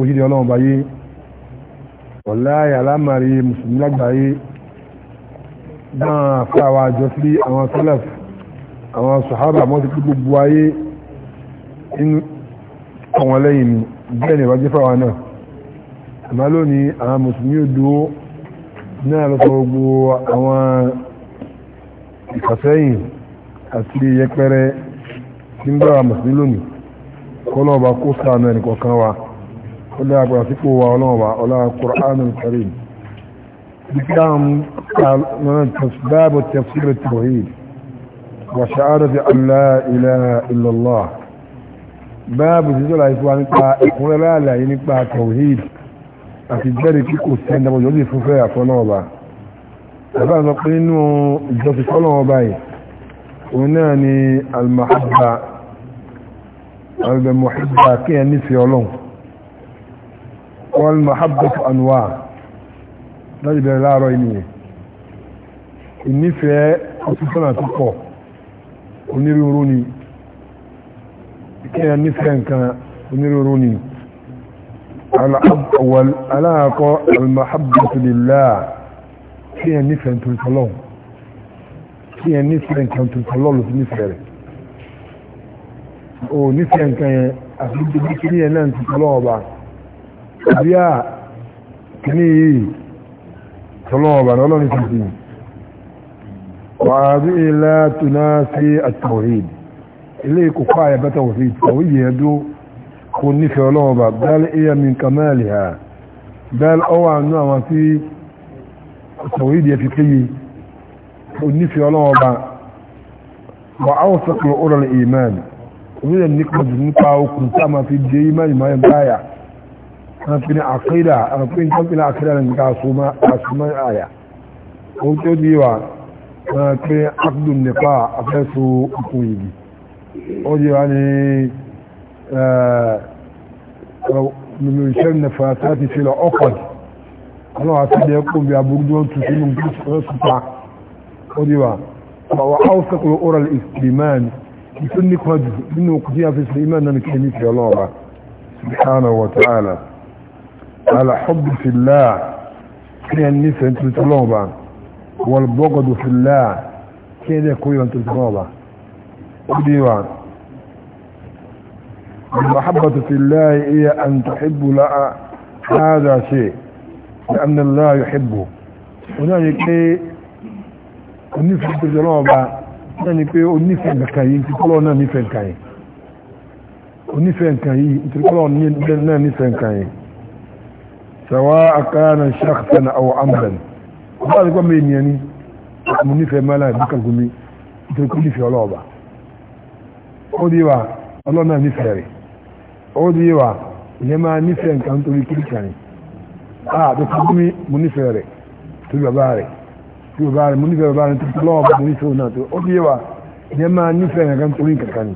òjìdí ọlọ́run báyé ọ̀láyà alámàrí mùsùlùmí lágbàáyé náà fáwà àjọ sí àwọn sọ́lẹ̀f àwọn sọ̀hábà mọ́ sí pé gbogbo ayé inú àwọn lẹ́yìn mi bẹ́ẹ̀ ni ìwájú fáwà náà àmá lónìí àwọn mùsùlùmí odò náà lọ́pọ̀ gbogbo àwọn ìfàsẹ́yìn àti yẹpẹrẹ tí ń bá wa lónìí kọ́lọ́ kó sáà náà nìkọ̀ọ̀kan wa kódà àgbàsípò wa ọlọ́ọ̀bà ọlá Qur'anul Karim bíkàm báàbù tafsir tawhid wa sha'arati an la ilaha illallah báàbù sí sọ́la ìfúwa nípa ìkúnrẹ́ láàlàyé nípa tawhid àti jẹ́rìí kí kò sẹ́ni dábọ̀ yóò lè fúnfẹ́ àfọlọ́ọ̀bà bàbá sọ pé nínú ìjọsìn fọlọ́ọ̀bà yìí al-mahabba al-mahabba kí ẹ nífẹ̀ẹ́ ọlọ́run والمحبة أنواع لا يبقى لا رأيني النفع أصلا تقوى onírúurúni kíyàn nífẹ́ nǹkan onírúurúni aláàkọ́ almahabbatulilá kíyàn nífẹ́ tuntun kíyàn nífẹ́ nǹkan tuntun lọ́lọ́ sí nífẹ́ rẹ̀ o nífẹ́ nǹkan yẹn àti ìdíkíyàn náà tuntun lọ́wọ́ bá bí a yìí tọ́lọ́ọ̀bà náà lọ́nà ìfìsì wàhálà ilẹ̀ tuná sí àtàwòrìd ilé ìkòkò àyàbẹ́ tàwòrìd tàwí yẹ kò nífẹ̀ẹ́ ọlọ́ọ̀bà bẹ́ẹ̀lì iya min kamẹ́lì ha bẹ́ẹ̀lì ọwà nú àwọn tí yẹ fi kéye kò nífẹ̀ẹ́ ọlọ́ọ̀bà wà áwọn sọ́kùnrin ọ̀rọ̀ ìmẹ́ni onílẹ̀ nípa nípa okùn a máa fi dé ìmẹ́ni an fi ni akida an fi kan fi ni akida ne ka suma a suma aya o to di wa an fi akdun ne fa a fẹ́ so ikun yi o di wa ni nínú iṣẹ́ ní fàtà ti fi lọ ọkọ̀d ọlọ́wà tí lè kún bí abúrúdó tó sí mú kí ó súpa ó díwà ọwọ́ áwọ́sẹ́kùnrin oral isliman ìtún nípa jù nínú kùdí àfisir iman náà kí ní fi ọlọ́wà subhanahu wa على حب في الله كي النساء انتو تلوبا والبغض في الله كي دي كوي انتو تلوبا وديوان المحبة في الله هي ان تحب لا هذا شيء لان الله يحبه هناك كي النساء انتو تلوبا يعني كي النساء بكاين انتو تلوبا نساء كاين onífẹ́ nǹkan yìí ìtìrìkọ́lọ́ náà nífẹ́ nǹkan yìí سواء كان شخصا او عمدا بعد كم يعني من في مالا بك الجمي تكون في لعبه ودي وا الله ما نفري ودي وا لما نفري كان تقول كل كان اه ده كمي من نفري تقول باري تقول باري من نفري باري تقول لعبه من نفري ناتو ودي وا لما نفري كان تقول كل كان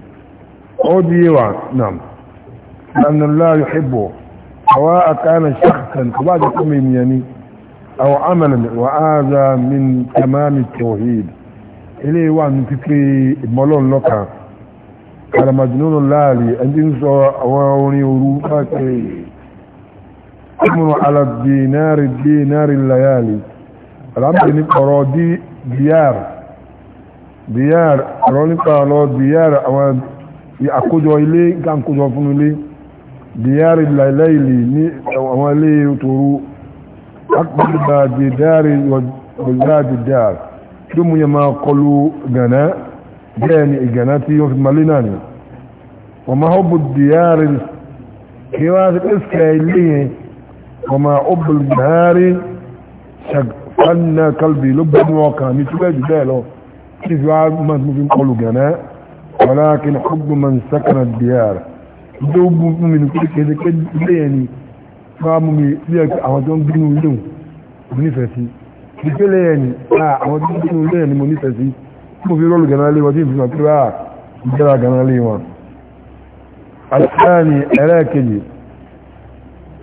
ودي وا نعم لان الله يحبه سواء كان شخصا فبعد قوم يعني او عملا وهذا من تمام التوحيد إليه وان تكري ملون لك على مجنون اللالي أنت نسوى أواني وروفك أمر على الدينار الدينار الليالي الأمر نقرأ دي ديار ديار أروني قالوا ديار أوان يأكدوا إليه كان كدوا فنو إليه diyari lailaili ní àwọn ilé tòru akpọ̀lọpọ̀ dìdáàrí wọ̀lọ́dìdáàrí tó mú yẹ máa kọlu gànà bẹ́ẹ̀ ni ìgànà tí wọ́n fi malé náà ni wọ́n máa họ́bù dìyàrí kí wá sí iskẹ̀ ilé yẹn wọ́n máa họ́bù dìyàrí ṣàgbánná kalbi ló bẹ́ ní ọkàn mi tó jù bẹ́ẹ̀ lọ kí wá máa fi kọlu gànà wọ́n lákin họ́bù man sakana dìyàrí ìjọ ń bú fún mi ní kúrò kéde pé ilé yẹn ni máa mú mi bí àwọn tó ń bínú ilé òun mo nífẹ̀ẹ́ sí ìpele yẹn ni àwọn tó ń bínú ilé yẹn ni mo nífẹ̀ẹ́ sí tí mo fi rọ́ọ̀lù gánà lé wọn tí mo fi máa pé wá ìjọra gánà lé wọn. àtàní ẹlẹ́ẹ̀kejì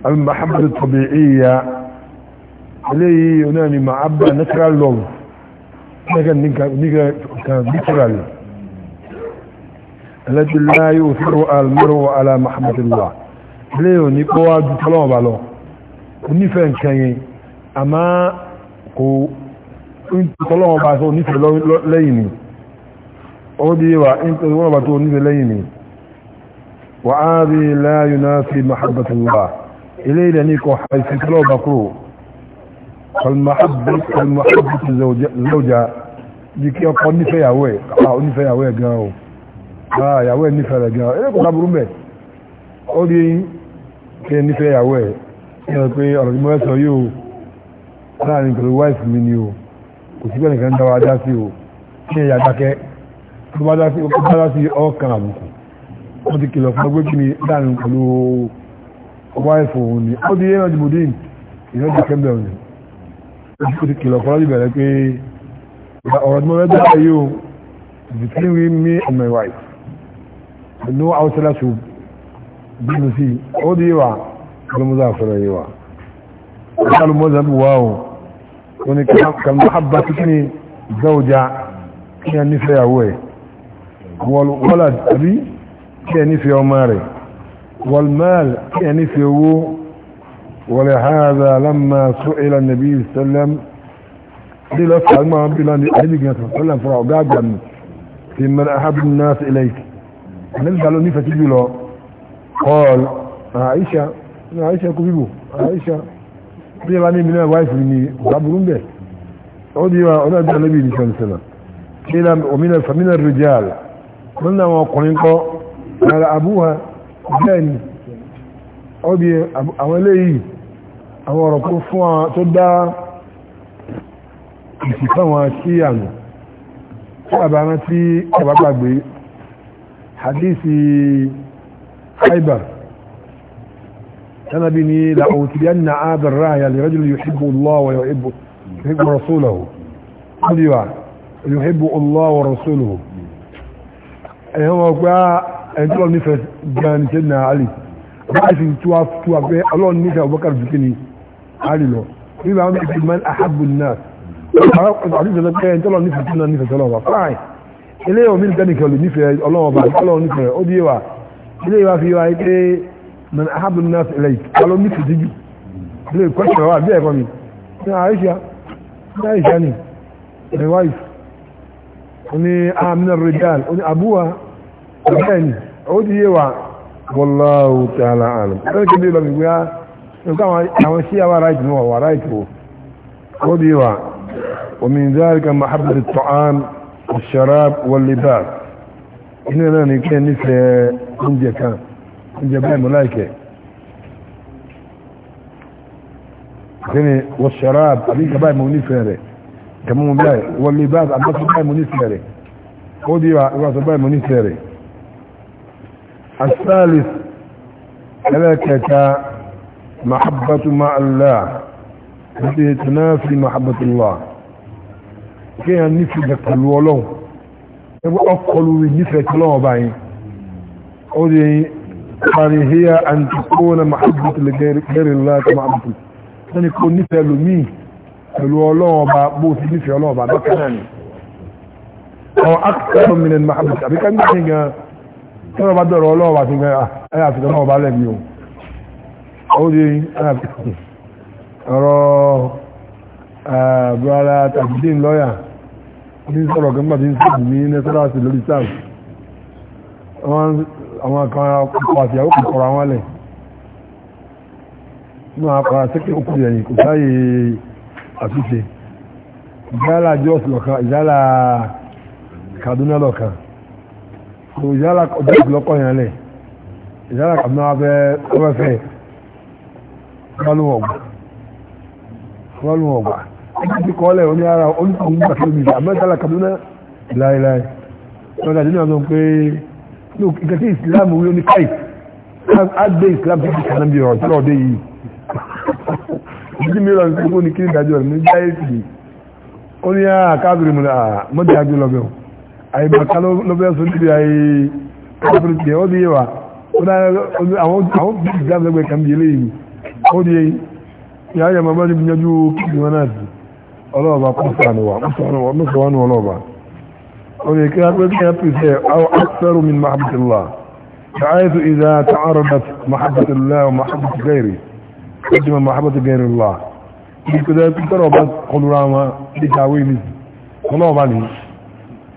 àmì mahabba tọ̀bì ìyá eléyìí onáà ni mahabba natural love التي لا يؤثر المرء على محمد الله ليه نقوى جتلوه بالو nífẹ̀ẹ́ nǹkan yẹn àmá kò tọ́lọ́wọ́ bá tó nífẹ̀ẹ́ lẹ́yìn ni ó dí wà ìtọ́lọ́wọ́ bá tó nífẹ̀ẹ́ lẹ́yìn ni wà á rí láàyò náà sí mahabbatullah ilé ilẹ̀ ní kò haifin tọ́lọ́wọ́ bá kúrò kalmahabbatu zawja jíkẹ́ ọkọ̀ nífẹ̀ẹ́yàwó ẹ̀ gan-an Ah, ìyàwó ẹ̀ nífẹ̀ẹ́ rẹ̀ gan ẹ̀rẹ́ kò láburú mẹ́ ó rí ẹ̀ nífẹ̀ẹ́ ìyàwó ẹ̀ ẹ̀rọ pé ọ̀rọ̀ tí mo fẹ́ sọ yìí o láàrin pẹ̀lú wáìfù mi ni o kò síbẹ̀ nìkan ń dáwà dá sí o kí ẹ̀yà dákẹ́ tó bá dá sí ọkàn àbùkù wọ́n ti kìlọ̀ fún ọgbẹ́ kí ni láàrin pẹ̀lú wáìfù òun ni ó di ẹ̀rọ jìmùdín ìrọ́jà kẹ́mbẹ̀ òun ó ti kìlọ̀ fún ọlọ́jì bẹ̀rẹ̀ pé ọ̀rọ̀ tí mo fẹ́ dá sí o between me and my wife نوع أو ثلاث بنسي عود يوا المذافر يوا قال المذهب واو وني كان محبة تكني زوجة كان نفيا هوي والولد أبي كان نفيا ماري والمال كان نفيا هو ولهذا لما سئل النبي صلى الله عليه وسلم قيل اسأل ما بلا النبي صلى الله عليه وسلم فرعوا قابل في من أحب الناس إليك ànábì ta ló nífẹ̀ẹ́ sí aisha, na aisha àìṣà aisha, bíbò àìṣà bí ẹ bá ni ọ̀gá odiwa bẹ̀ ó di wa ọ̀nà àti ànábì ní sọ̀nsẹ̀nà kí ni òmìnira fàmìnà rìjàl wọn náà wọn ọkùnrin kọ́ ara àbúwa bẹ́ẹ̀ ni ó di àwọn eléyìí àwọn ọ̀rọ̀ kó wa tó dá ìsìnkú àwọn sí hadisi haibar tana bi ni la'utiyan na adar raya li rajul yuhibbu Allah wa yuhibbu rasulahu kodiwa yuhibbu Allah wa rasulahu ẹ̀yàn wọn pé ẹni tí wọ́n nífẹ̀ẹ́ gan ṣe na Ali báyìí tí wọ́n tí wọ́n pé ọlọ́run nífẹ̀ẹ́ Abubakar dùkú ni Ali lọ nígbà wọn bí ibi man ahabbu nas àwọn àti ìṣẹ̀lẹ̀ pé ẹni tí wọ́n nífẹ̀ẹ́ tí wọ́n nífẹ̀ẹ́ tọ́lọ́wọ́ fine eléyìí omi nìkan nìkan lè nífẹ̀ẹ́ ọlọ́wọ́ bá ọlọ́wọ́ nífẹ̀ẹ́ ó bí wa eléyìí wá fi wá pé nana ahabun nas eléyìí ọlọ́wọ́ nífẹ̀ẹ́ díjú eléyìí kọ́sìtì wa bí ẹ̀kọ́ mi ní àyíṣà ní àyíṣà ni my wife ó ní amina ah, rijal ó ní abúwa ọ̀gá ẹni ó ti yé wa wallahu ta'ala alam ẹni kébí lọ gbígbé á nǹkan àwọn sí àwa ráìtì ní wà ráìtì wò ó bí wa omi zalika mahabbatu ta'am الشراب واللباس إننا لا نكون مثل إنجا كان إنجا بين ملايكة والشراب أبيك باي منيسة كمان باي واللباس أبيك باي منيسة خذي وعطي باي منيسة الثالث ثلاثة محبة مع الله التي تنافي محبة الله kéèyàn nífẹ̀ẹ́ gẹ̀ pẹ̀lú ọlọ́run ẹgbẹ́ ọkọlù rẹ̀ nífẹ̀ẹ́ tọ́lọ́wọ́ báyìí ó di parí híyà àti kó na mahabbat lè gẹ́rẹ̀ láti mahabbat sani kó nífẹ̀ẹ́ lómi pẹ̀lú ọlọ́run ọba bó ti nífẹ̀ẹ́ ọlọ́run ọba bákan náà ni àwọn akẹ́kọ̀ọ́ mi ní mahabbat àbí ká ń gbà yín gan tọ́lọ́ bá dọ̀rọ̀ ọlọ́run àti gan ayé àti gan ọba lẹ́bi o ó di ọ̀rọ̀ àbúrò ara tàbí dín lọ́yà ní sọ̀rọ̀ gọ́gbà tí ń sọ̀rọ̀ ní nẹ́sọ́láàsì lórí sáàs àwọn kan pàtàkì àwọn kòkòrò àwọn alẹ̀ ní àpá sẹ́kẹ̀ òkú ẹ̀yìn kò sáyé àfíṣe ìjálà jọ́s lọ́kan ìjálà Kaduna lọ́kan kò ìjálà jọ́s lọ́kọ̀ yẹn lẹ̀ ìjálà Kaduna afẹ́fẹ́ kọ́lùwọ̀gbà ẹgbẹ́ ti kọ́ lẹ̀ oní ara oníṣòwò nígbà tó mìíràn amẹ́tàlá Kaduna láéláé lọ́dà nínú àwọn pé nǹkan tí Islam wí ní káì á gbé Islam tó ti kàná bí ọ̀rọ̀ tọ́lọ̀ dé yìí ìdí mìíràn tó kó ní kí ní ìdájọ́ rẹ̀ ní jáyé sì ó ní àkáàbìrì ah, mu náà ah, mọ́tì àgbé lọ́bẹ̀ o àyèbàká lọ́bẹ̀ sọ níbi àyè káàbìrì tiẹ̀ ó di yé wa àwọn Islam lẹ́gbẹ̀ẹ́ kan bí eléyìí ó di yé yàrá yàrá màmá ti gbìyànjú kí ni wọn náà ti ọlọ́ọ̀bá kọ́sàn wà mọ́sàn ọlọ́ọ̀bá ọdún kí a pẹ́ kí a pèsè àwọn akẹ́rù min mahabbatullah ṣááyẹ́tù ìdá ta'aradat mahabbatullah wa mahabbatu gairi kọjúmọ̀ mahabbatu gairi lọ ìpínlẹ̀ pítọ́rọ̀ bá kọlura wọn ní kàwé ní ọlọ́ọ̀bá ní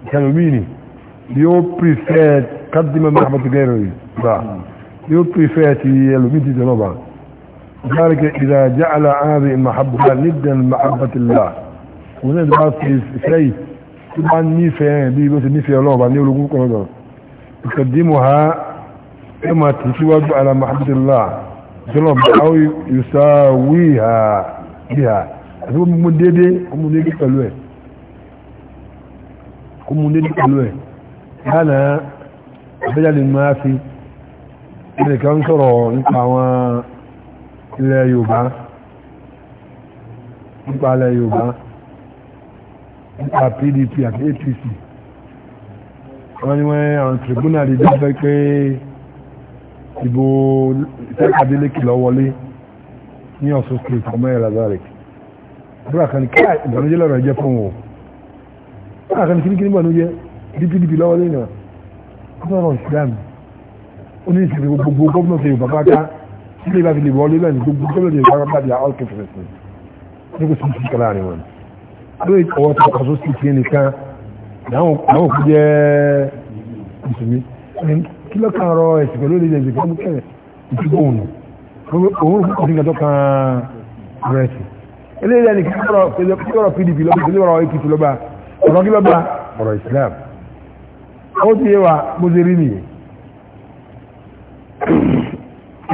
kẹlòmíìnì yóò pèsè kọjúmọ̀ mahabbatu gairi lọ yóò pèsè ti ẹlòmíì ti tẹ́lọ́ba ذلك إذا جعل هذه المحبة ندا محبة الله òun náà ti bá fi ìfẹ́ yìí tí bá nífẹ̀ẹ́ rẹ̀ bí bó ti nífẹ̀ẹ́ ọlọ́ọ̀bá ní ológun kọ̀ọ̀dọ̀ ìkàdímù ha ẹ máa tì síwájú ala mahamdulillah jọlọ báwo ìsáwí ha bí ha àti wọ́n mú dédé ọmọ dédé pẹ̀lú ẹ̀ kó mú dédé pẹ̀lú ẹ̀ lánàá àbẹ́jáde máa fi ẹnìkan ń sọ̀rọ̀ nípa àwọn ilẹ̀ Yorùbá nípa ilẹ̀ Yorùbá nípa pdp àti apc wọ́n ní wọ́n àwọn tribunal ìjọ fẹ́ pé ìbò ìtẹ́kọ̀ adélékè lọ wọlé ní ọ̀ṣun state ọmọ ẹ̀ lazarek búra kan ní káà ìbànújẹ́ lọ́rọ̀ ẹ̀jẹ̀ fún wọn búra kan ní kíníkíní ìbànújẹ́ dpdp lọ́wọ́ lẹ́yìn náà wọ́n sọ̀rọ̀ ìsìlámù ó ní ìsìnkú gbogbo gómìnà ṣe yorùbá pátá sílé ìbáfi lè wọlé lẹ́yìn gbogbo gómìnà ṣe yorùbá pátá di àwọn kẹfẹ̀ẹ́sì ní kò sí ìsìnkú láàrin wọn lórí ọwọ́ tó kọ̀ sósì sí nìkan láwọn òkú jẹ́ ìsinmi kí ló kàn rọ ẹ̀sìn pẹ̀lú ìdíje ìsìnkú ọmọ kẹrẹ ìdígbò òun òun kò sí nǹkan tó kan rẹ̀ sí eléyìí ẹni kí ọ̀rọ̀ pdp lọ́ba kí ọ̀rọ̀ apc lọ́ba ọ̀rọ̀ kí lọ́ba ọ̀rọ̀ islam ó ti yé wa bó ṣe rí nìyẹn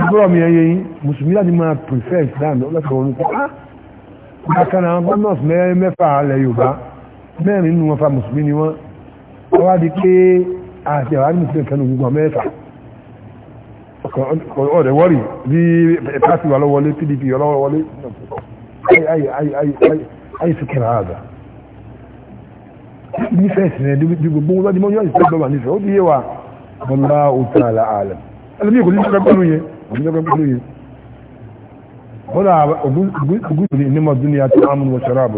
ìgbọ́rọ̀ mi ẹyẹ yín mùsùlùmí láti máa prefer islam lọ́sọ̀rọ̀ nípa bákan àwọn gómìnà mẹ́rin mẹ́fà alẹ́ yorùbá mẹ́rin nínú wọn fa mùsùlùmí ni wọ́n wá di pé àti àwọn mùsùlùmí kan gbogbo mẹ́fà ọ̀rẹ́ wọ́rì bí pàṣẹ wà lọ́wọ́lé pdp ọlọ́wọ́ wọlé ayé sùkẹ́rà àgbà nífẹ̀ẹ́ sí ẹ̀ di gbogbo wọn mọ́ yóò ìfẹ́ bọ́wà nífẹ̀ẹ́ ó di yé wa bọ́lá òtún àlà àlẹ́ ẹlẹ́mí kò ní sọ́kẹ́ pẹ̀lú هنا قلت لي إنما الدنيا طعام وشراب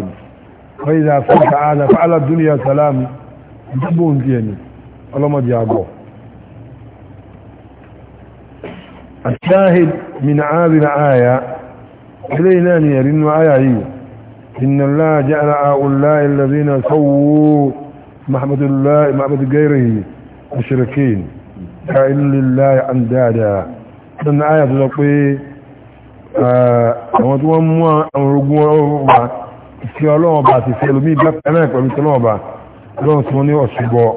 فإذا فعل على فعل الدنيا سلام جبون ديني اللهم جابوه الشاهد من عابر آية إلينا نيرين آية هي إن الله جعل هؤلاء الذين سووا محمد الله محمد غيره مشركين كائن لله أندادا لأن آية تقول Eh, àwọn tí wọ́n mú àwọn ogun ọba ìfẹ́ ọlọ́wọ́ ọba àti ìfẹ́ ẹlòmí ìbẹ́pẹ̀lẹ́ pẹ̀lú tí ọlọ́wọ́ ọba lọ́wọ́ tí wọ́n ní ọ̀ṣùgbọ́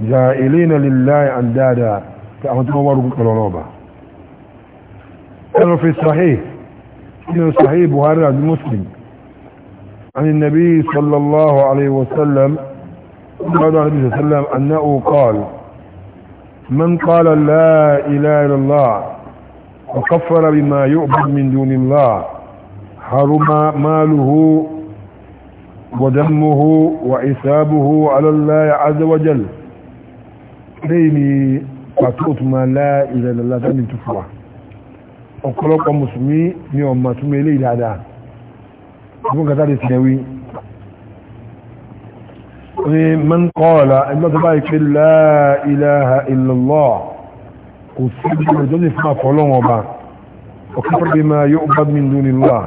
ìjà ilé iná lillahi àndáadà tí àwọn tí wọ́n wárú pẹ̀lú ọlọ́wọ́ ọba ẹnu fi sahih inú sahih buhari àti muslim عن النبي صلى الله عليه وسلم قال النبي صلى الله عليه وسلم أنه قال من قال لا إله إلا الله وكفر بما يعبد من دون الله حرم ماله ودمه وعسابه على الله عز وجل ليني فتوت ما لا إله إلا الله تاني تفوى ọ̀pọ̀lọpọ̀ mùsùlùmí ni ọmọ túnmọ̀ ilé ìdáadáa ọdún kàtà lè tẹ̀wé ní mẹ́ńkọ́ọ̀lá ẹgbẹ́ tó bá ìpé láà ilaha illallah kò sí ìjọba ìjọba fún àfọlọ́wọ́n ọba ọ̀kọ́fẹ́ bí máa yóò bá mi lóni lọ́wọ́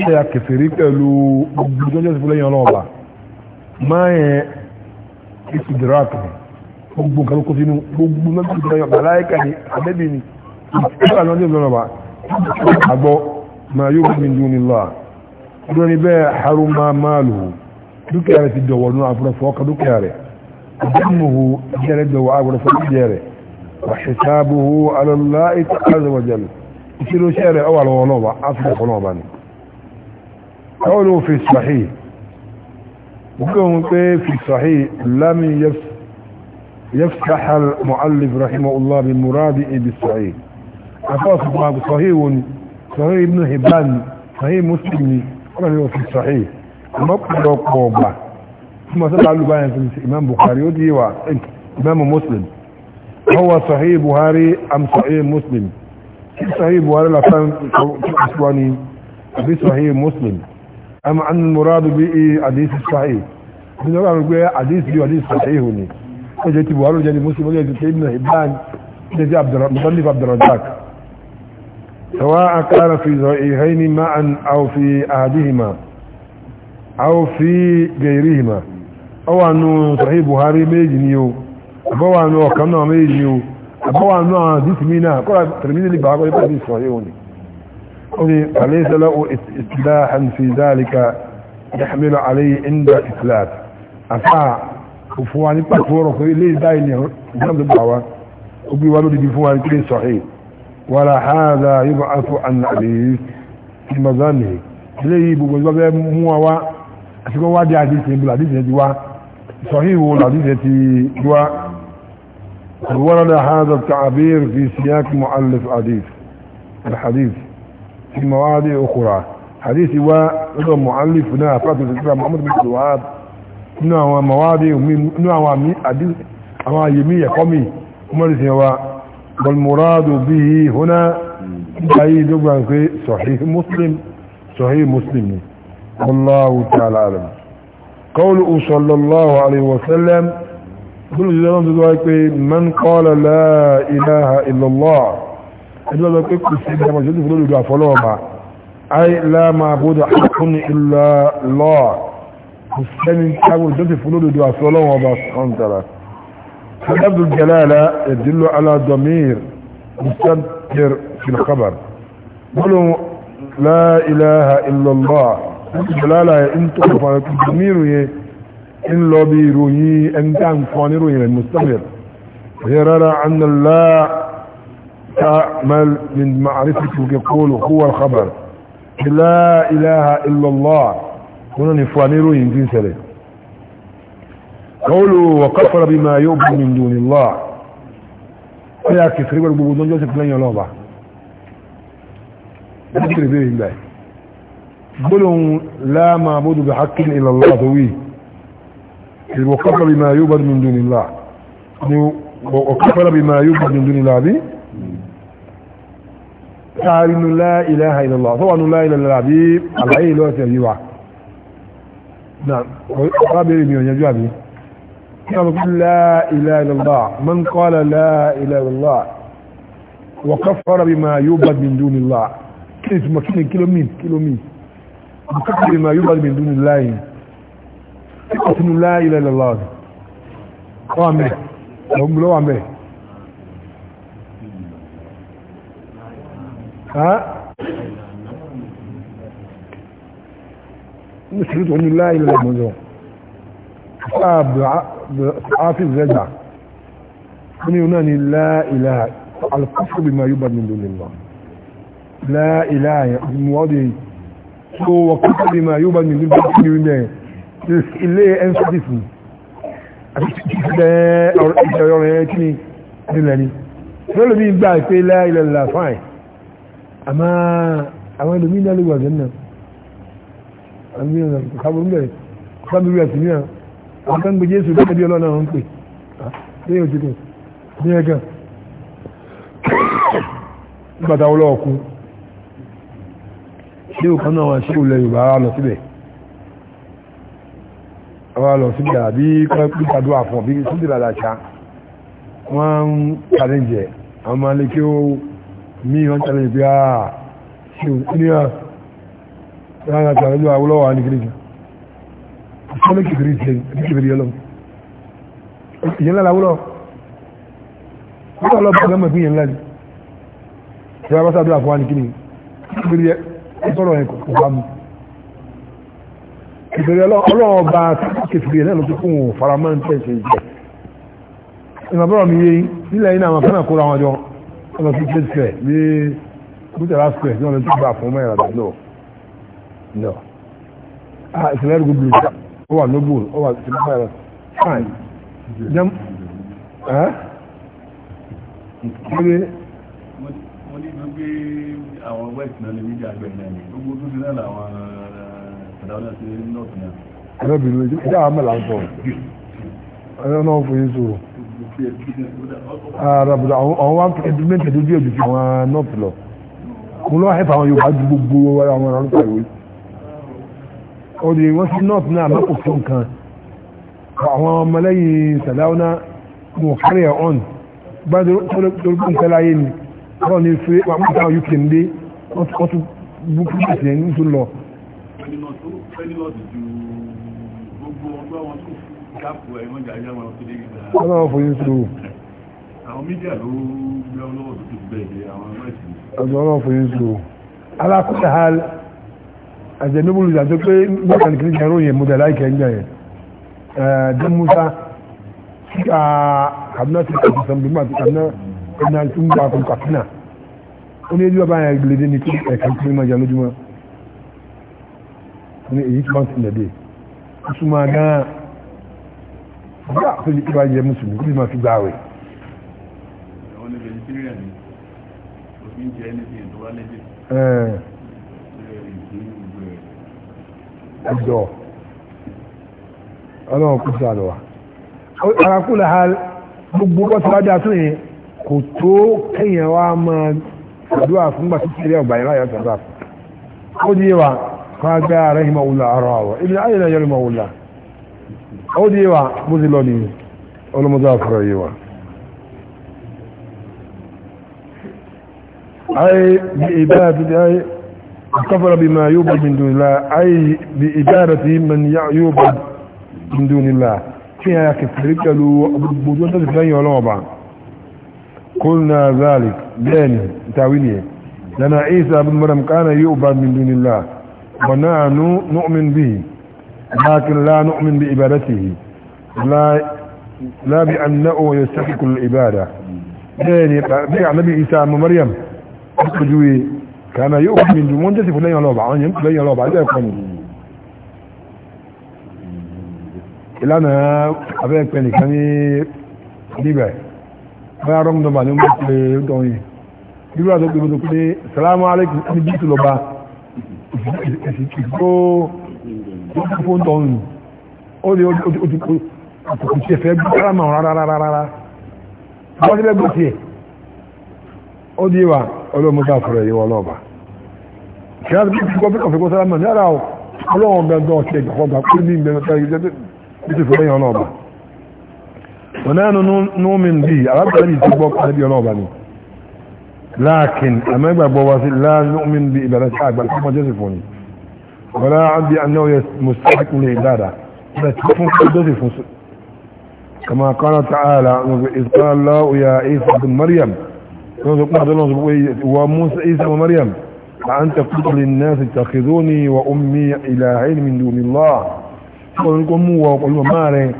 ṣe ya kẹfẹ́rí pẹ̀lú gbogbo ìjọba fún lẹ́yìn ọlọ́ọ̀ba máa yẹn ètò ìdúrà tó gbogbo nǹkan kó sínú gbogbo mẹ́bí ìjọba yọba aláìka ni àbẹ́bí ni ìjọba àwọn ọjọ́ ìjọba àgbọ̀ máa yóò bá mi lóni lọ́wọ́ ọdún ni bẹ́ẹ̀ haruma máa lò dúkìá rẹ̀ ti dọ̀wọ́ nù وحسابه على الله عز وجل يصيروا شعر أول غنوبة أصبح ونوبة قولوا في الصحيح وقوم في الصحيح لم يفتح المؤلف رحمه الله بالمراد بالصحيح أفاصل ما صحيح صحيح ابن هبان صحيح مسلم قالوا في الصحيح مقلق قوبة ثم سبع اللبان في الإمام بخاري وديوة إمام مسلم هو صحيح بخاري أم صحيح مسلم صحيح بخاري لا تسواني بصحيح مسلم ام عن المراد به حديث صحيح من رأى الجوية حديث بي حديث صحيح هني وجدت بخاري جاني مسلم وجدت ابن حبان جدت مصنف عبد الرزاق سواء كان في ضعيهين معا أو في احدهما أو في غيرهما أو انه صحيح بخاري ميجنيو àbọ̀wà nù ọ̀kan náà méjì ni o àbọ̀wà nù àwọn àdìsí mi náà kọ́ra tẹ̀lẹ́mí lè bàá kọ́ ipò àdìsí ọ̀yẹ́ òní ó ní àlẹ́sẹ̀lẹ́ o ìtìlá àǹfì dáàlìkà yàmìlọ àlẹ́ ìndà ìtìlá àfà òfin wa ní pàtó ọ̀rọ̀ pé ilé ìdáyìí ni ìdáàmú bá wa ó gbé wa lórí ibi fún wa ní ورد هذا التعبير في سياق مؤلف حديث الحديث في مواضع أخرى حديث و مؤلف هنا فاطمه الإسلام محمد بن الوهاب نوع هو مواضع نوع هو حديث أما يمي قومي ومرسي هو والمراد به هنا أي دبعا في صحيح مسلم صحيح مسلم والله تعالى أعلم قوله صلى الله عليه وسلم كل جلال ذلك من قال لا إله إلا الله أجل لا معبود حق إلا الله سبحانه وتعالى فلفظ الجلالة يدل على ضمير مستنكر في الخبر قالوا لا إله إلا الله الجلالة إن لو بيروي أن كان فاني روي المستمر غير أن لا تعمل من معرفتك يقول هو الخبر لا إله إلا الله هنا نفاني روي إنجين سلي قولوا وكفر بما يؤمن من دون الله ويا كفر بالبودون جوزف لن يلوبه ذكر به الله قولوا لا معبود بحق إلا الله ذويه وكفر بما يوبد من دون الله وكفر بما يوبد من دون الله بي تعلن لا إله إلا الله طبعا لا إله إلا الله العي لا تجيبه نعم رابر ميون يجابي يقول لا إله إلا الله من قال لا إله إلا الله وكفر بما يوبد من دون الله كيف ما كيلو مين كيلو مين وكفر بما يوبد من دون الله ọ̀tún láìlẹ̀ lọ́lọ́rọ̀ wọ́n mẹ́ lọ́gbùlọ́ wà mẹ́ ha nítorí tó ní láìlẹ̀ lọ́gbùlọ́ ààfin rẹ̀dà ní ọ̀nà ni láìlẹ̀ alkọ́fù bí máa yúbà nínú lọ́lọ́ láìlẹ̀ ààyẹ̀ mọ́dé tó wọ́kọ́fù bí ilé ncdc àti ìṣẹ̀lẹ̀ ọ̀rẹ́ kí ni nílẹ̀ ni lọ́lọ́ mi gbà pé láìlẹ̀ là fáìn àmọ́ àwọn ẹlòmíín náà lè wà gẹ́gẹ́ náà àwọn ẹlòmíín náà kò kábọ̀ nílẹ̀ kọ́kọ́ mi rí ẹ̀sìn ní àwọn kan gbé jésù lọ́kẹ́ bí ọlọ́run àwọn ń pè lẹ́yìn òtítọ́ ní ẹ̀gàn nígbàtà ọlọ́ọ̀kú ṣé òkan náà wà sí yorùbá lọ síbẹ̀ wọ́n lọ sí ìdàrà bí pípàdó àfọ̀ bí sídìrà làṣà wọ́n ń challenge àwọn máa lè kí ó mí wọ́n challenge bí ah, áà ṣe ní à lára tàbí ní kìrìkì ìṣẹ́lẹ̀ kìrì ṣe ìbẹ̀rẹ̀ ọlọ́run ọba kẹfìrì náà ló ti fún òun faramọ́ ní tẹ̀sí ìjẹ́ ìmọ̀bọ̀rọ̀ mi yé nílẹ̀ yìí náà àwọn fẹ́ràn kóra wọn jọ ọlọ́ sí tẹ̀sí ẹ̀ ní bùtẹ̀lá square náà ló ti gbà fún mẹ́rin àdá náà no ah ìṣẹ̀lẹ̀ ẹ̀rọ gbogbo ìjà ó wà noble ó wà sí mẹ́rin fine jẹ́m ẹ́ kéde. mo ní gbogbo àwọn west náà lè ní ìjà àgbẹ̀ náà ní gbogbo tó ti náà làwọn ẹlẹ́bìnrin ojú ẹjá àmàlà ń sọ ẹ̀rọ náà fún yín sọ̀rọ̀ àràbùdà ah, àwọn wá ẹdúmẹ́ntẹ̀ tó díẹ̀ jù fún àwọn nọ́ọ̀tì lọ lọ́wọ́ ẹ̀fà àwọn Yorùbá ju gbogbo àwọn ọ̀rọ̀ nípa ìwé ó di wọ́n sí nọ́ọ̀tì náà àmọ́ kò nǹkan àwọn ọmọlẹ́yìn sàdáwọ́nà mo kárí ẹ̀ ọ̀n bá torí nǹkan láyé ni wọ́n ní fún wọn mú pẹ́lúwọ̀dù ju gbogbo ọgbọ́ wọn tó dápò ẹ̀wọ́n jàjá wọn tó léyìn náà. wọ́n náà fojú sí o. àwọn mídíà ló gbé ọlọ́wọ́ tó ti bẹ̀rẹ̀ àwọn ẹ̀sìn. ọ̀dọ́ náà fojú sí o. alákùnrin ha àjẹmíbùlù ìdájọ́ pé bákan kìí ṣe ẹ̀rọ yẹn mo dẹ̀ láìkẹ́ ń jà yẹn. dé musa síkà kàmínà ti kàtí sàmùlù mà kàmínà kàmínà tó ń gbà kàmínà ó ní ẹjọ́ báyà gbèlédé ní ẹ̀ka ìpínlẹ̀ mọ́jà lójúmọ́ ní èyí tí wọ́n ti lẹ̀ dé súnmọ́ gan-an bí àpèjì tí wọ́n yẹ mùsùlùmí kí ni wọ́n fi gbà wẹ̀. àwọn ní vegetarian ni kò sí ń jẹ anything tó wá lédè. ẹjọ ọlọ́run kò sáà lọ wa arákùnrin ha gbogbo bọ́sibájà tó yẹn kò tó kéèyàn wá máa ṣàdúrà fún gbàtí kiri ọgbà yẹn láyọ̀ ṣàdúrà fún. ó di wa. قال بها رحمه الله أراوة ابن أين يرمه الله أو ديوا مزلوني أو المضافر أيوا أي بإبادة أي كفر بما يوبد من دون الله أي بإبادة من يوبد من دون الله فيها كفرك له بوجود تفلين ولوبا قلنا ذلك بين تاوينيه لنا عيسى بن مريم كان يؤبد من دون الله ونحن نؤمن به لكن لا نؤمن بإبادته لا لا بأنه يستحق العبادة يعني بيع نبي عيسى مريم أخرجوه كان يؤمن جمون جسف لن يلوب عنهم لن يلوب عزيزي يقومون ìlànà abẹ́ẹ̀pẹ́ nìkan ní níbẹ̀ báyá rọ́mùdọ́mà ní ó mọ́ pé ó dọ́yìn bí wọ́n tó pé salamu alaikum ní bí ìgbó fún tọ́nù ó ní òtùkù tí ẹ̀fẹ́ gáràmà rárára wọ́n ti lẹ́gbọ́ tí ẹ̀ ó dí wà ọlọ́mọdé àfẹ́rẹ́ yíwọ ọlọ́ọ̀bà kí á bí kọ́ bí kọ̀fẹ́ kó sára mọ̀ o ọlọ́wọ́n bẹ dán ọ̀tí ẹ̀gbà kọ́gbà kú ní ìgbẹ́ ìgbẹ́ ọlọ́ọ̀bà wọn náà nú mi bí alábẹ̀rẹ̀ yìí ti gbọ́ pàdé لكن أما يبقى لا نؤمن بإبادتها بل هم جزفوني ولا عندي أنه مستحق لإبادة كما قال تعالى إذ قال الله يا عيسى بن مريم وموسى عيسى ومريم أنت قلت للناس اتخذوني وأمي إلهين من دون الله قلت لكم وقلوا وقلت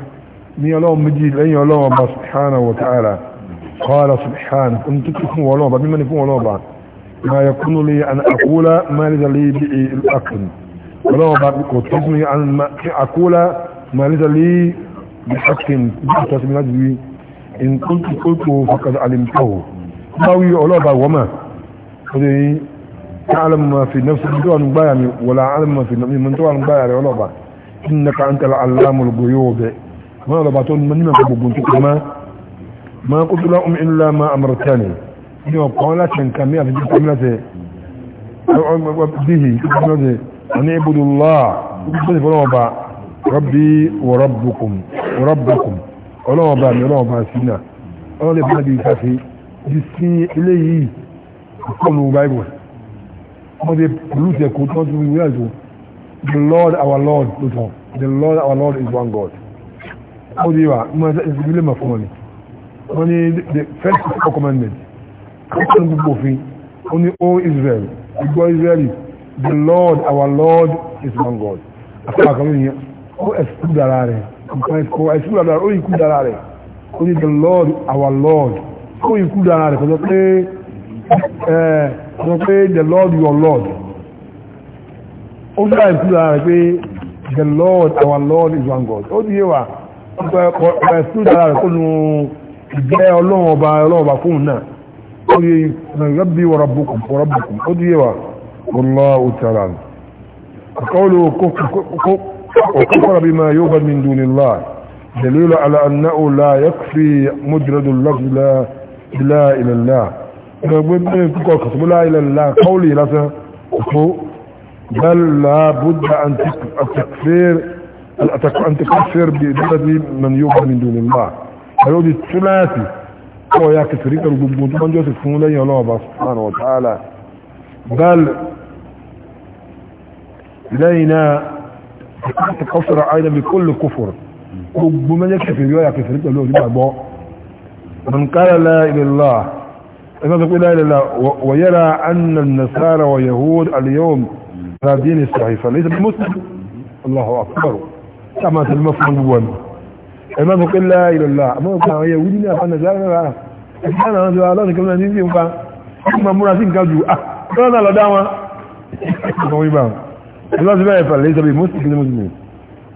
ni ọlọ́run méjì lẹ́yìn ọlọ́run ọba subhanahu wa ta'ala قال سبحانك انت تكون ولوبا بما يكون ولوبا ما يكون لي ان اقول ما ليس لي به الاكل ولوبا وتكوني ان ما اقول ما ليس لي بحق تسمي نجوي ان كنت قلته فقد علمته قوي ولوبا وما تعلم ما في نفس من دون بايع ولا اعلم ما في نفسي من دون بايع ولوبا انك انت العلام الغيوب ما لبطون من من بوبنتك ما ما قلت لهم إلا ما أمرتني يقول لا تنكمي في جملة به جملة أن اعبدوا الله ربي وربكم وربكم ọlọ́wọ́ bá mi ọlọ́wọ́ bá sí náà ọlọ́wọ́ lè bá bí ìsáfẹ́ ju sí eléyìí ìkọlù bible wọ́n ti pẹ̀lú ìṣẹ̀kù the lord our lord the lord our lord is one god ó di wa mo máa ń sẹ́yìn sí ilé wọ́n ní the first four commandments kọ́kọ́ ní gbogbo òfin ó ní all Israel gbogbo Israeli the Lord our Lord is one God afẹ́lá kan lóyìn ó ẹ̀sùn dára rẹ̀ kò ẹ̀sùn dára rẹ̀ ó yìí kú dára rẹ̀ ó ní the Lord our Lord ó yìí kú dára rẹ̀ kò sọ pé ẹ̀ eh, sọ pé the Lord your Lord ó sọ yìí kú dára rẹ̀ pé the Lord our Lord is one God ó di yé wa ọ̀pọ̀ ẹ̀sùn dára rẹ̀ kó ìjẹ́ ọlọ́run ọba ọlọ́run ọba fóun náà ó yẹ rabbi wa rabbukum wa rabbukum ó díye wa wallahu ta'ala qawlu kufra bima yu'bad min dunillah دليل على أنه لا يكفي مجرد اللفظ لا إله إلا الله تقول لا إله إلا الله قولي لك بل لا بد أن تكفير أن تكفر بإبادة من يؤمن من دون الله pẹ̀lú di túláàsì kọ́ ya kẹsìrí pẹ̀lú gbogbo tó mọ́jọ́ sí fún lẹ́yìn ọlọ́ọ̀bá subhanahu wa ta'ala bal lẹ́yìn náà ti kọ́sọ̀rọ̀ àìdá bí kulli kufur gbogbo mẹ́jẹ́ kẹsìrí ya kẹsìrí pẹ̀lú onígbàgbọ́ man qala la ilallah ẹgbẹ́ sọ pé la ilallah wa yara anna nasara wa yahud al-yawm radini sahifa laysa bi muslim allahu akbar kama tilmafun gbogbo ẹ̀mọ́ mú pé láìlọ́lá àmọ́ nǹkan àwọn yẹ̀wú ní àfánà sáàrẹ́rà ẹ̀sán àwọn ọjọ́ alọ́nà kí wọ́n ní sí nǹkan wọ́n máa múra sí nǹkan jù ah, lọ́nà náà lọ́dá wọn ọkọ̀ wíbà lọ́sí bẹ́ẹ̀ pẹ̀lẹ́ ìsọ̀bí mùsùlùmí mùsùlùmí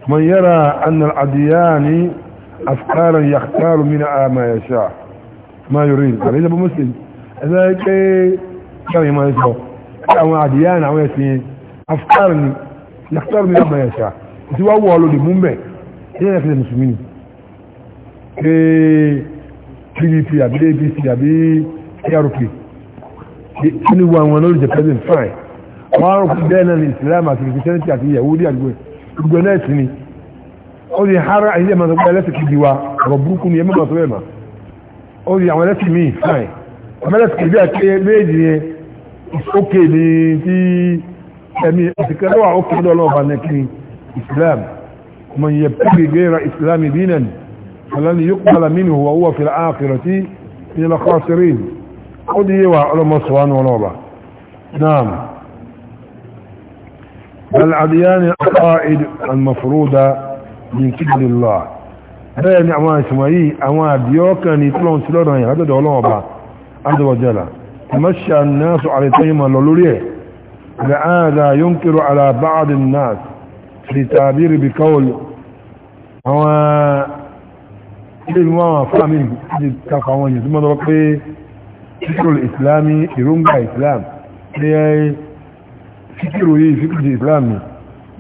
mọ̀ yẹ́ra anà àdìyà ní afkara yàkàrù mí náà máa yẹ ṣá máa yọrí pẹ̀lẹ́ ìsọ̀bí mùsùlùmí ẹ̀sẹ̀ pé káwọn máa sọ àwọn àdìyà ní àwọn ẹ̀sìn afkara yàkàrù mí náà máa yẹ ṣá ìtiwáwọ̀ ọlọ́dẹ̀ mú mẹ́ ẹ̀yẹ́ ẹ̀fẹ́ mùsùlùmí pdp àbí apc àbí arp kí ni wọn àwọn olóòjẹ president fine wọn á rọpò bẹ́ẹ̀ náà ní islam àti christianity àti yahudi àti gbogbo náà sí ni ó di hara àyíjẹ́ máa sọ pé ẹlẹ́sìn kejì wa ọ̀rọ̀ burúkú ni ẹmọ́ máa sọ bẹ́ẹ̀ mà ó di àwọn ẹlẹ́sìn míì fine àwọn ẹlẹ́sìn kejì àti méjì yẹn ókè ní tí ẹ̀mí ìsìnkẹ́ lọ́wọ́ ókè lọ́wọ́ ọba nẹ́kìn islam ọmọ yẹn pẹ́ẹ́gì gẹ́ra islam ìbínà ni فلن يقبل منه وهو في الآخرة من الخاسرين قدي وعلم صوان ونوبة نعم بل عديان القائد المفروضة من قبل الله بين أمان سمعي أمان ديوكا نتلون سلونا هذا دولون أبا عز وجل تمشى الناس على تيما لولوليه لهذا ينكر على بعض الناس لتعبير بقول أمان ilé ìwọ̀n àwọn afáàmì ìdí takọ àwọn èèyàn tó mọ́ pé fíkìrò ìsìlámi ìrúngbà ìsìlám ní fíkìrò yìí fíkìrò ìsìlám ni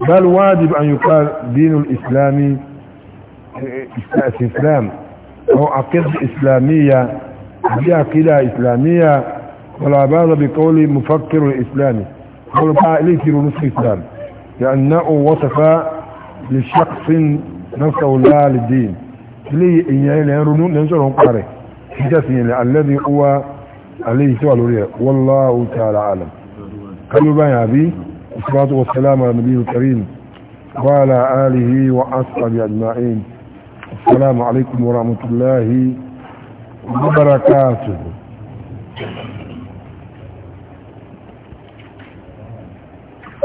bal wajib an yuqal dínú ìsìlámi ìsìlám او عقيدة اسلامية دي عقيدة اسلامية ولا باس بقول مفكر الاسلامي قول بقى ليه كيلو نصف اسلام لانه وصف لشخص نفسه لا للدين لي إن يرنو ننشرهم قاري حدثني الذي هو عليه سؤال ريه والله تعالى عالم قالوا بها أبي الصلاة والسلام على النبي الكريم وعلى آله وأصحابه أجمعين السلام عليكم ورحمة الله وبركاته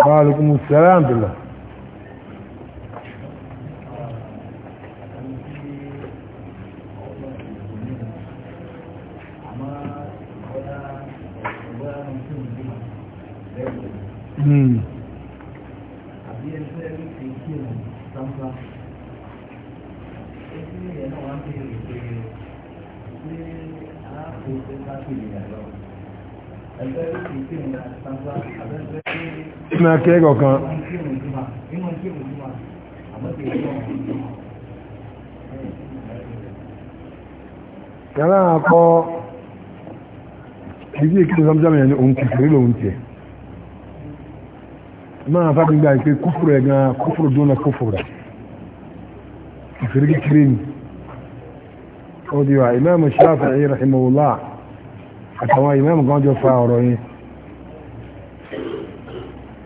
وعليكم السلام بالله àbí ẹni tó yàrá àkọ́ kìí kí ní yẹn ní òun kìí lòun tiẹ̀ máa fa gbígbà pé kúfùrù ẹ̀ gan kúfùrù dúnà kúfùrù rẹ̀ ìfìrí kiri ni ó di wa ìmáàmù Shafi'i rahimahullah àtàwọn ìmáàmù kan jọ fa ọ̀rọ̀ yẹn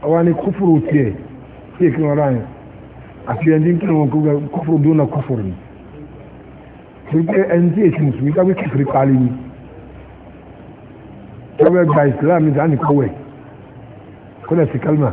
wọ́n ní kúfùrù tiẹ̀ tí èkí wọn ráyìn àti ẹni tí ń kí wọn kúfùrù dúnà kúfùrù ni pé ẹni tí èsì mùsùlùmí káwé kìfìrí pali ni káwé gba ìsìlámù dání kọwé kọlẹ̀ sí kálmà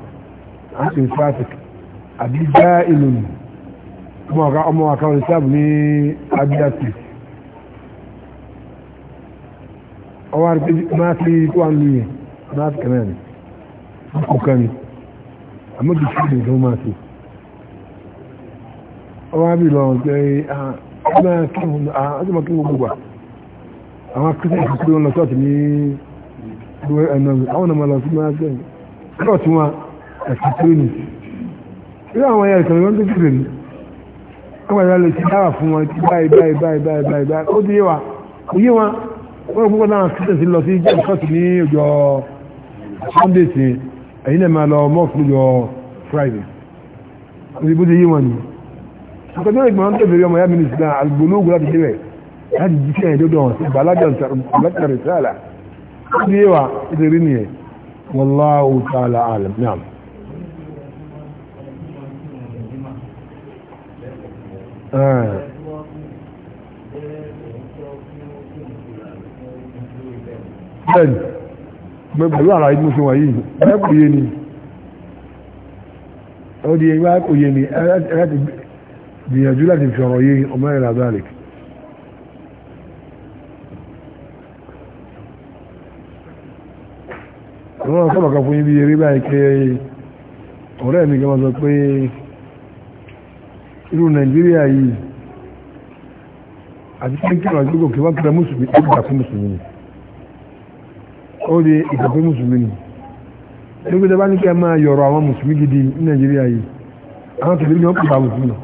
wọ́n sì ń fásitì àbí já ìlú nù ọmọ ọ̀ká orin sáàbù ní agbáàtì ọwọ́ àti máa fi tó wà nínú yẹn máa fi kẹ́rẹ́ rẹ̀ kò kàn ní àmọ́ kì í ṣe ìdánwò máa fi ọwọ́ àbí lọ pé ọjọ́ ah, máa kí wọ́n ah, gbogbo àwọn kírísítì ìfúkúrò wọn lọ sọ́ọ̀tì ní ẹnu àwọn ọmọ lọ sí máa kẹ́rẹ́ ẹ̀sìn tó ní irú àwọn ẹ̀yà ìsọ̀rọ̀ wọn tó kìrì ní ọmọ ìyá lè ti dáwà fún wọn ti báyìí báyìí báyìí báyìí báyìí báyìí ó ti yé wa kò yé wa wọ́n púpọ̀ náà kíkẹ́ sí lọ sí jẹ́ ìkọ́sì ní ọjọ́ sunday sí ẹ̀yìn náà máa lọ mọ́ọ̀kì lọ́jọ́ friday òbí bó ti yé wọn ni akọjọ́ ìgbọ̀n tó bèrè ọmọ ìyá mi ní sinna àgbòlógún láti débẹ̀ láti jíṣẹ́ ìdọ́dọ̀ sí balaga rẹ̀ sáàlà ó ti yé wa ìdèrí nìyẹn wallahu ta'ala alam naam bẹ́ẹ̀ni mo pẹ̀lú ara ìdí mo ṣe wà yìí ẹ kò yé ni ó di ẹgbẹ́ kò yé ni ẹ ti gbìyànjú láti fi ọ̀rọ̀ yé ọmọ ẹ̀rọ abalik wọ́n sọ̀rọ̀ kan fún yín bí eré báyìí pé ọ̀rẹ́ mi gan sọ pé irú nàìjíríà yìí àti kí wọ́n kíra mùsùlùmí ó gbà fún mùsùlùmí ó di mùsùlùmí ni nígbà tí a bá ní kí a máa yọ̀rọ̀ àwọn mùsùlùmí gidi ní nàìjíríà yìí àwọn tòbí ni wọ́n kò bá mùsùlùmí lọ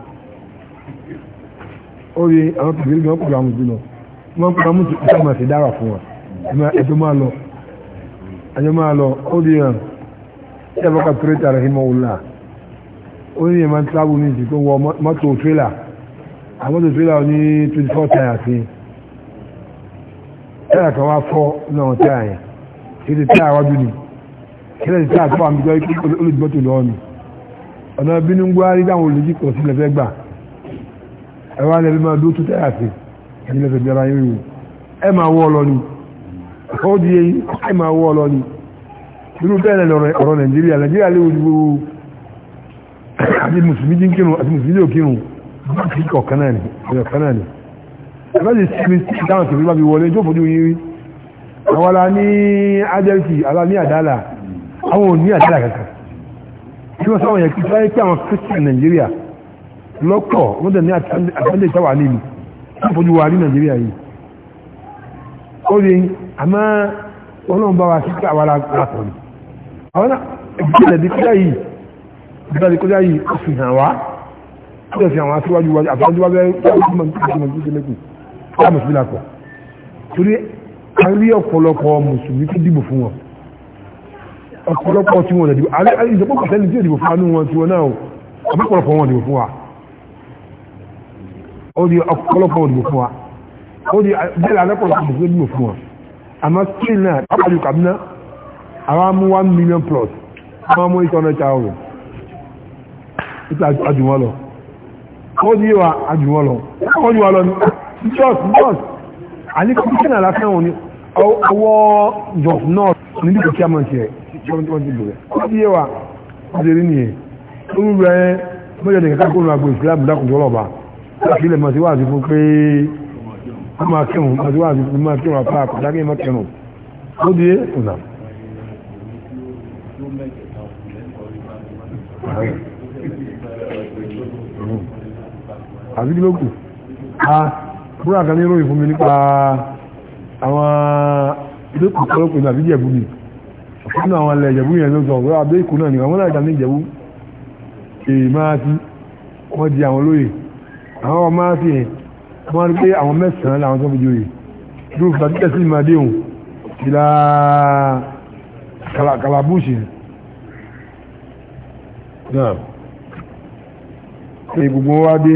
ó di àwọn tòbí ni wọ́n kò bá mùsùlùmí lọ wọ́n kò bá mùsùlùmí kí a dára fún wa ẹjọ́ máa lọ ẹjọ́ máa lọ ó di hàn oní ẹ̀mà tíláàbù ní ìsìnkú wọ mọ́tò tírélà àmọ́tò tírélà ní 24 tàyà sí tẹ́lá kan wá fọ́ náà tẹ́lá yẹn kí ti tẹ́lá wájú ni kí lẹ́sì tẹ́lá tó wà nígbà olùdìmọ́tò lọ́wọ́ ni ọ̀nà bínú ń gbárí dáwọn olùdí kọ̀ sí lẹ́fẹ́ gbà ẹwà lẹ́fẹ́ máa dó tó tẹ́lá sí ẹni lẹ́fẹ́ bí ara yín wò ẹ máa wọ́ lọ ni ó di eyín ẹ máa wọ́ lọ ni irú bẹ́ẹ̀ lọ́rọ̀ Nàìjíríà Nàìjíríà léwu ju gbogbo àti mùsùlùmí jí ń kírun àti mùsùlùmí jí ò kírun báńkì ọ̀kan náà ni ọ̀kan náà ni ẹgbẹ́jì sinmi dáhùn tó fi bá fi wọlé tó fojú yín rí àwọn ala ní ájẹ́rìkì ala ní àdálà àwọn ò ní àdálà kankan tí wọ́n sáwọn yẹn kí sáyé pé àwọn christian Nàìjíríà lọ́pọ̀ wọ́n dẹ̀ ní àtàndé ìtawà nílùú tó fojú wa rí Nàìjíríà yìí ó rí àmọ́ ọlọ́run bá wa sí pé àwa la pọ̀ ni àwọn ẹgbẹ́ ìlẹ̀dí ìgbàlẹ̀ kọjá yìí ó fi hàn wá ó lè àwọn aṣíwájú wájú àfẹ́jú wájú ẹgbẹ́ torí a ọ̀pọ̀lọpọ̀ mùsùlùmí tó dìbò fún wọn ọ̀pọ̀lọpọ̀ tí wọ́n dìbò alẹ́ ìjọpọ̀ tí ó fún wọn tí wọ́n náà ọ̀pọ̀lọpọ̀ wọn dìbò fún wa ó di náà pápájú kàbínà àwọn amú one million plus àwọn amú eight hundred thousand nípa àjùmọ́ lọ ó ní wa àjùmọ́ lọ ó ní wa lọ ní jọ́s jọ́s àníkọ́ kíkẹ́ náà lásán òní ọwọ́ jọ́s náà ní bí kò kí a mọ̀ tiẹ̀ ó ní wa ó lè rí nìyẹn ó ń rẹ mọ́jọ́ ní kẹ́kẹ́ kó nu agbo ìsìlámù dákùnjọ́ lọ́ba láti ilẹ̀ mọ̀ sí wáàzí fún pé ó máa kírun mọ̀ sí wáàzí fún máa kírun apá àpàdákẹ́ mọ́ kírun ó di ọ̀nà. Thank you. àbí kí ló kù a búrọ̀ àkàní ìròyìn fún mi nípa àwọn ilé kù kọ́lọ́pù ní àbíjẹ̀bú ni fún àwọn ilẹ̀ ìjẹ̀bú yẹn ló sọ ọ̀rọ̀ abẹ́ ìkú náà ni àwọn náà ìkàní ìjẹ̀bú èyí máa ti wọ́n di àwọn lóye àwọn ọmọ máa fi yẹn wọ́n rí pé àwọn mẹ́sàn-án làwọn tó fi joyè dúró fún àtúntẹ̀ sí ìmọ̀ àdéhùn ìlà kalabushi náà gbogbo wa dé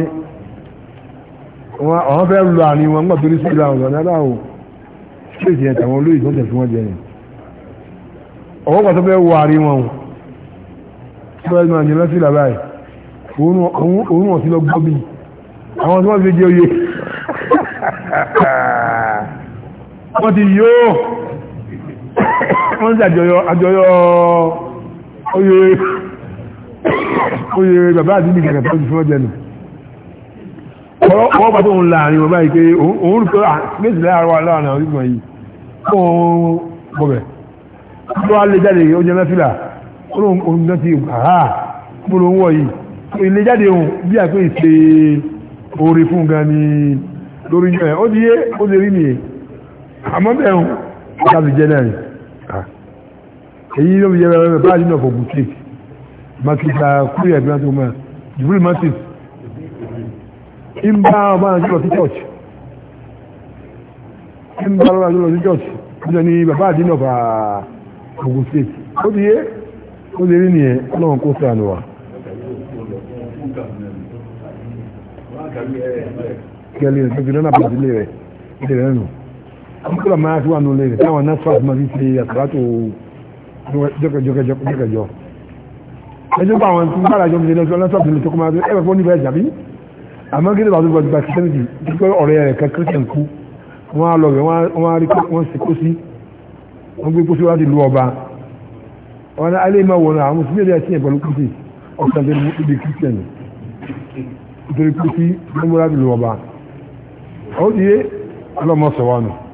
àwọn fẹ́ lọ àárín wọn gbà torí sí ọ̀rọ̀ náírà o ṣíkèsì ẹ̀ tàwọn olóyè tó ń tẹ̀sí wọn jẹ ni ọwọ́ kan fẹ́ wọ àárín wọn o tí wọ́n máa yẹn lọ́sí ìlàbá ẹ̀ òun wọ̀n sí lọ gbọ́ bí àwọn tí wọ́n fi jẹ oyè wọ́n ti yó wọ́n ti àjọyọ̀ àjọyọ̀ oyè oyè wọ́n bá tó ń láàrin wọn báyìí pé òun pé méjì láàárọ̀ aláàrùn àwọn ìgbìmọ̀ yìí fún òun bọ̀bẹ̀ tó wá lè jáde ó jẹ́ mẹ́fìlà òun náà ti àhá kúrò ń wọ̀ yìí ilé jáde òun bí àpé ìṣe oore fún gan ni lórí yọ ẹ̀ ó di yé ó lè rí nìyẹn àmọ́ bẹ́ẹ̀ òun láti jẹ́ náà ni èyí ló fi yẹ bá a nínú ọ̀pọ̀ bùtíkì mákìtà kúrò ẹ̀gbẹ́ ń bá ọba àjọlọ sí church ń bá ọba àjọlọ sí church ọjọ́ ni bàbá àdínà bá Ogun State ó ti yé ó lè rí nìyẹn ọlọ́run kó sí àná wa. gẹ́lẹ́ rẹ̀ tó fi lọ́nà pàdé rẹ̀ ilé rẹ̀ nù kúkúrò máa fi wà nù lé rẹ̀ táwọn náà sọ́ọ̀tì máa fi ṣe àtàlátò jọkẹjọkẹjọ ẹjọ́ bá àwọn tí ń bára jọ mi lọ́sọ̀ọ́ lọ́sọ̀ọ́ àmọ́ gẹ́gẹ́ bàbá gbàgbà kìtẹ́mìtì pípẹ́ ọ̀rẹ́ rẹ̀ kan christian kú wọ́n á lọ rẹ̀ wọ́n á rí wọ́n sì kó sí wọ́n gbé pósí láti lu ọba wọn alẹ́ máa wọ̀n àwọn mùsùlùmí ẹ̀dẹ́ ẹ̀sìn ẹ̀pẹ̀lú pósí ọ̀sán tó di christian nítorí pósí wọ́n gbé láti lu ọba ó ti yé ọlọ́mọ sọ̀wọ́nù